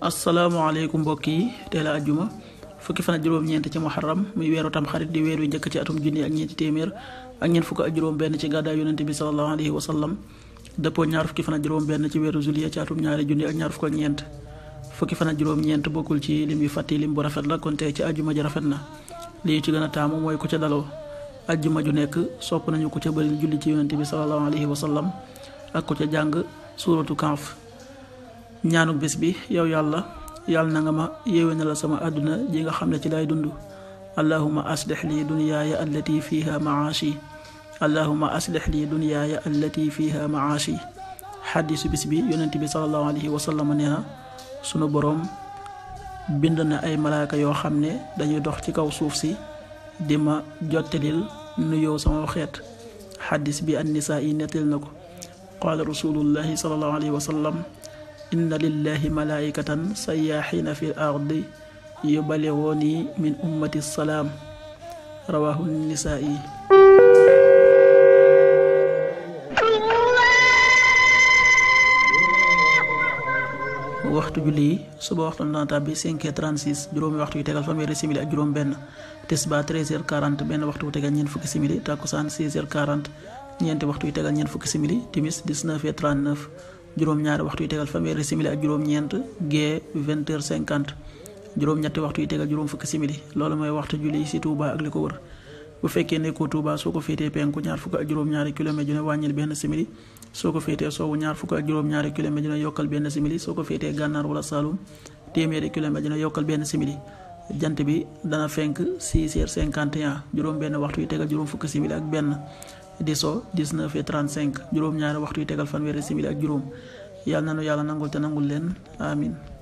asalaamaaleykum mbokk yi tey la ajjuma fukki fan ak juróom-ñeent ci muharram muy weeru tam xarit di weer wi njëkk ci atum junni ak téeméer ak ñeent fukk ak juróom-benn ci gàddaay yonente bi salallahu alayhi wa sallam dëppoo ñaar fukki fan ak juróom-benn ci weeru juillet ci atum ñaari junni ak ñaar fukk ak ñeent fukki fan juróom-ñeent bokkul ci lim yu fàtti lim bu rafet la kon tey ci ajjuma ji rafet na lii ci gën a taamu mooy ku ca daloo ajjuma ju nekk sopp nañu ku ca bëri julli ci yonente bi salallahu alayhi wa sallam ak ku ca jàng suuratu kaaf ñaanu bés bi yow yàlla yàlla na nga ma na la sama àdduna ji nga xam ne ci lay dund allahuma aslix lii dunyaaya allati fiha maashi allahuma aslix lii dunyaaya allati fiha maashi xaddisu bis bi yonent bi salallahu alayhi wa sallam nee na sunu boroom bind na ay malaaka yoo xam ne dañuy dox ci kaw suuf si di ma jottalil nuyoo sama xeet xaddis bi an nisaa yi nettal na ko qaala rasulullahi salallahu alayhi wa inna lillahi malaayikatan sayaaxiina fi ardi yuballighuuni min ummati salaam rawaahu nisaa'i waxtu julli suba waxtu na tàbbi 5h36 juróomi waxtu yu tegal fanweeri simili ak juróom benn tisba 13h40 benn waxtu wu tegal ñeent fukki simili fukki simili timis juróom-ñaari waxtu yi tegal fanweeri simili ak juróom-ñeent gee vingt cinquante juróom-ñetti waxtu yi tegal juróom fukki simili loolu mooy waxtu julli si Touba ak li ko wër bu fekkee nekkoo Touba soo ko féetee penku ñaar fukk ak juróom-ñaari kilomètre ju ne benn simili soo ko féetee soowu ñaar fukk ak juróom-ñaari kilomètre yokkal benn simili soo ko féetee gànnaar wala Saloum téeméeri kilomètre ne yokkal benn simili jant bi dana fenk 6 heures 51 juróom benn waxtu yi tegal juróom fukk simili ak benn diso 19 et 35 juróom-ñaari waxtu yu tegal fanweeri simili ak juróom yàlla na nu yàlla nangul te nangul leen amin